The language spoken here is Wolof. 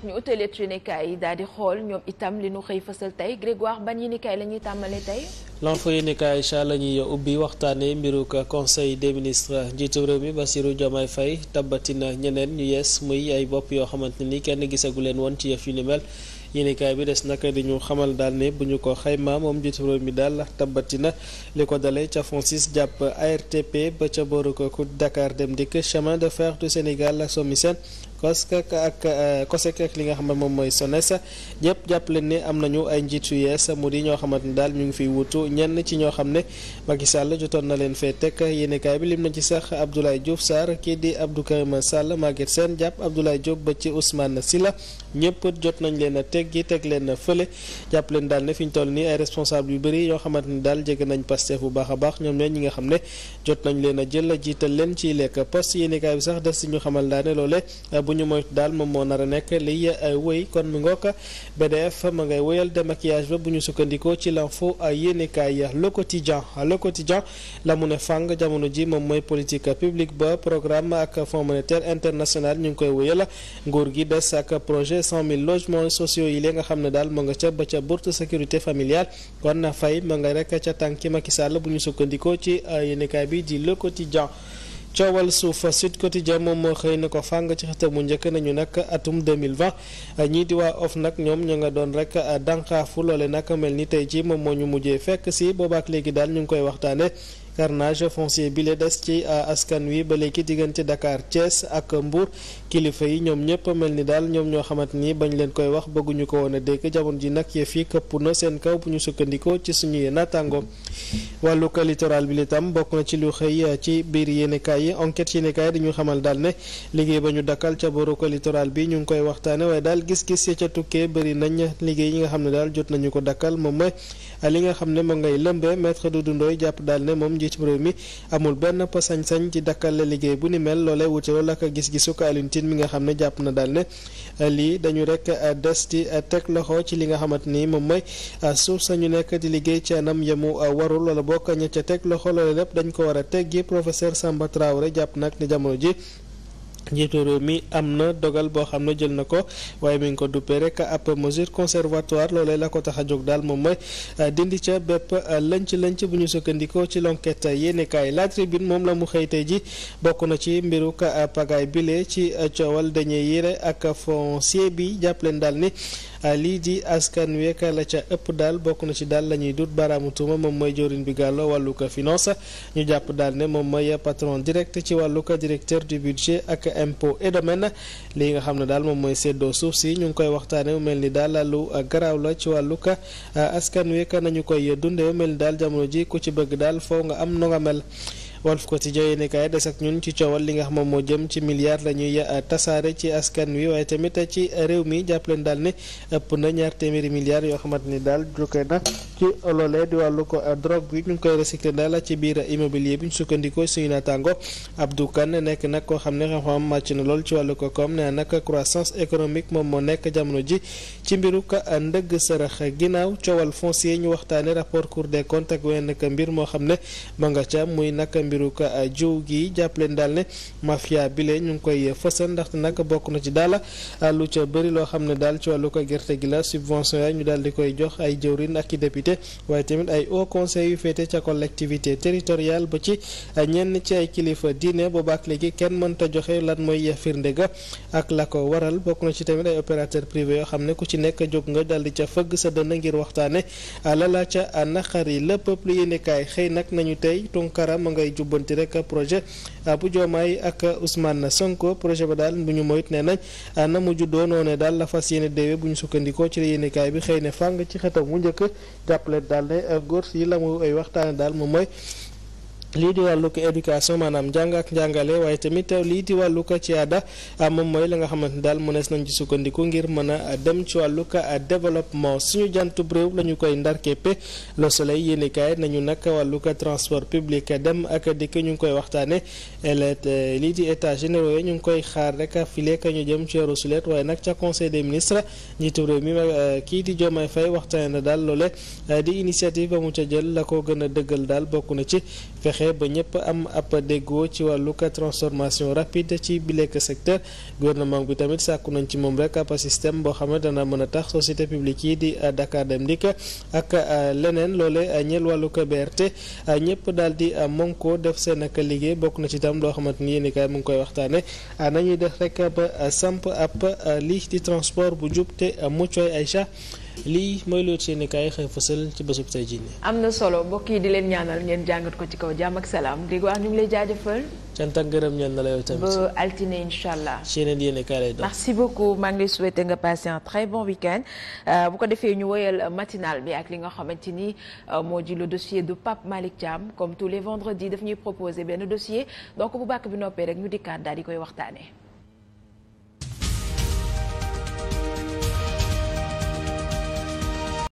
foog ñu utalee yéenekaay yi daal di xool ñoom itam li ñu xëy fësal tey Grégoire ban yéenekaay la ñuy tàmbalee tey. L'Info yéenekaay incha allah ñuy ubbi waxtaanee mbirug conseil des ministres njiitu réew mi Bassirou Diomaye Faye tabatina ñeneen ñu yees muy ay bopp yoo xamante ni kenn gisagu leen woon ci yëf yu ni mel. yéenekaay bi des naka di ñu xamal daal ne bu ñu ko xaymaa moom njiitu réew mi daal tabatina li ko dalee ca Francis jàpp ARTP ba ca booru ko Dakar dem dikk chemin de fer du Sénégal la SOMISEN COSCAC ak COSEC eh, ak li nga xam ne moom mooy SONES ñëpp jàpp leen ni am nañu ay njiitu yees mu di ñoo xamante ni daal ñu ngi fiy wutu ñenn ci ñoo xam ne Macky Sall jotoon na leen fee teg yéenekaay bi lim na ci sax Abdoulaye Diouf saar kii di Abdou Karim Sall Maguette Sène jàpp Abdoulaye Diop ba ci si Sylla ñëpp jot nañ leen teg teggi teg leen a fële jàpp leen daal ne fi ñu toll nii ay responsable yu bëri yoo xamante ni daal jege nañ Pastef bu baax a baax ñoom ñooy ñi nga xam ne jot nañ leen a jël jiital leen ci lekk poste yéenekaay bi sax des si ñu xamal daane loole bu ñu moytu daal moom moo nar a nekk liy euh, wëy kon mi ngook BDF ma ngay wëyal démaquillage ba bu ñu sukkandikoo ci l'info euh, yéenekaay le quotidien le quotidien la mu ne fang jamono ji moom mooy politique publique ba programme ak fonds monétaire international ñu ngi koy wëyal nguur gi des ak projet cent mille logements sociaux yi lee nga xam ne daal ma nga ca ba ca bourse sécurité familiale kon na fay ma nga rek ca tànki Macky Sall bu ñu sukkandikoo ci euh, yéenekaay bi di Le Quotidien coowal suuf Sud Quotidien moom moo xëy na ko fàng ci xëta mu njëkk nañu nag atum 2020 euh, ñii di waa OFNAC nag ñoom ñu nga doon rek euh, dànqaafu loole nag mel ni tey ci moom moo ñu mujjee fekk si boobaak léegi daal ñu ngi koy waxtaane carnage foncier bi la des ci euh, askan wi ba léegi diggante Dakar Thiès ak Mbour kilifa yi ñoom ñëpp mel ni daal ñoom ñoo xamante ni bañ leen koy wax bëgguñu ko woon a dégg jamono ji nag yëf yi këpp na seen kaw bu ñu sukkandikoo ci suñuy naataango wàllu ko littoral bi tam bokk na ci lu xëy euh, ci biir yéenekaay yi enquête yéenekaay dañu xamal daal ne liggéey ba ñu dakkal ca boru ko bi ñu ngi koy waxtaane waaye daal gis-gis ya ca tukkee bëri nañ liggéey yi nga xam ne daal jot nañu ko dakkal moom mooy li nga xam ne moom ngay ci réew amul benn sañ-sañ ci dakkal liggéey bu ni mel loolee wute loolu ak gis-gisu ko Alioune mi nga xam ne jàpp na daal ne euh, lii dañu rek euh, des di euh, teg loxo ci li nga xamante ni moom mooy suuf sañu nekk di liggéey ci anam yemu warul wala bokk ña ca teg loxo loole lépp dañ ko war a teg gi professeur Samba Traoré jàpp nag ne jamono ji njiitu réew mi am na dogal boo xam ne jël na ko waaye mi ngi ko duppee rek ab mesure conservatoire loolee la ko tax a jóg daal moom mooy euh, dindi ca bépp euh, lënc-lënc bu ñu sukkandikoo ci l'enquête yéenekaay la tribune moom la mu xëyte ji bokk na ci mbiru mbiruk euh, pagaay bile ci coowal dañuy yére ak foncier bi jàpp leen daal ne Ah, lii di askan week la ca ëpp daal bokk na ci daal la ñuy dut baraamu tuuma moom mooy bi gàlloo wàllu ko finance ñu jàpp daal ne moom mooy patron direct ci wàllu ko directeur du budget ak impôt et domaine lii nga xam ne daal moom mooy seddoo suuf si ñu ngi koy waxtaanee mu mel ni daal lu garaaw la ci wàllu ko ah, askan week nañu koy dundee mel ni daal jamono ji ku ci bëgg daal foo nga am no Walf Quotidien yéeni kaay des ak ñun ci coowal li nga xam moom moo jëm ci milliards la ñuy euh, tasaare ci askan wi waaye tamit ci réew mi jàpp leen daal ne ëpp na ñaar téeméeri milliards yoo xamante ni daal jóge na ci loolee di wàllu ko euh, drogue bi ñu ngi koy recycler daal ci biir immobilier bi ñu sukkandikoo suñu naataango Abdou Kane nekk nag koo xam ne xam-xam màcc na lool ci wàllu ko koom nee nag croissance économique moom moo nekk jamono ji ci mbiru ka euh, ndëgg sërëx ginnaaw coowal foncier ñu waxtaane rapport cour des comptes ak mbir moo xam ne ma mbiruk ah, jiw gi jàpp leen dal ne mafia bile ñu ngi koy fësal ndaxte nag bokk na ci daal ah, lu ca bari loo xam ne daal ci wàllu ko gerte gi la subvention ya ñu daal di koy jox ay jëwrin ak i député waaye tamit ay o conseil yu féete ca collectivité territoriale ba ci ah, ñenn ci ay kilifa diine boobaak léegi kenn mënta joxe lan mooy firnde ga ak la ko waral bokk na ci tamit ay opérateur privé yoo xam ne ku ci nekk jóg nga daal di ca fëgg sa dënn ngir waxtaane lala ca naqar yi jubbanti rek projet ah, bu Diomaye ak Ousmane Sonko projet ba daal bu ñu moyt nee nañ ah, na mu juddoo noonee daal la fas yéene déwé bu ñu sukkandikoo ci yéenekaay bi xëy ne fàng ci xetam mu njëkk jàppale daal ne ah, góor si la mu ay waxtaane daal moom mooy lii di wàllug éducation maanaam njàng ak njàngale waaye tamit lii di ko ci aada ah, moom mooy la nga xamante ni daal mënees nañ ci sukkandiku ngir mën a dem ci wàllug ah, développement suñu jantub réew la ñu koy ndar képpe le soleil yéenekaay nañu nag wàllug transport public dem ak dikk ñu ngi koy waxtaane eh, lii di état généraux yi ñu ngi koy xaar rek fileek ñu jëm ci weeru sulet waaye nag ca conseil des ministres njiitu réew mi eh, kii di Diomaye Faye waxtaane na daal loole eh, di initiative ba ca jël la ko gën a dëggal daal bokk na ci fexe ba ñëpp am ab déggoo ci wàllu transformation rapide ci bilek secteur gouvernement bi tamit sàkku nañ ci moom rek ab système boo xam ne dana mën a tax société publique yi di Dakar Dem Dikk ak euh, leneen loole ñeel wàllu BRT ñëpp daal di euh, mën def seen ak liggéey bokk na ci tam loo xamante ni yéen kaay mu ngi koy waxtaane nañuy def rekk ba euh, samp ab lii di transport bu jub te mucc ay Aïcha lii mooy loolu seen xëy fësal ci bésub tey jii am na solo mbokk yi di leen ñaanal ngeen jàngat ko ci kaw jàmm ak salaam di wax ñu ngi lay jaajëfal. cant ak gërëm ñaan na la yow tamit ba altine incha allah. ci yeneen yéen kaay lay doon merci beaucoup maa ngi lay souhaiter nga passer un très bon euh, bu ko defee ñu woyal matinal bi ak li nga xamante ni euh, moo ji le dossier de Pape Malick Thiam comme tous les vendredis daf ñuy proposer benn dossier donc bu bàkk bi noppee rek ñu dikkaat daal di koy waxtaanee.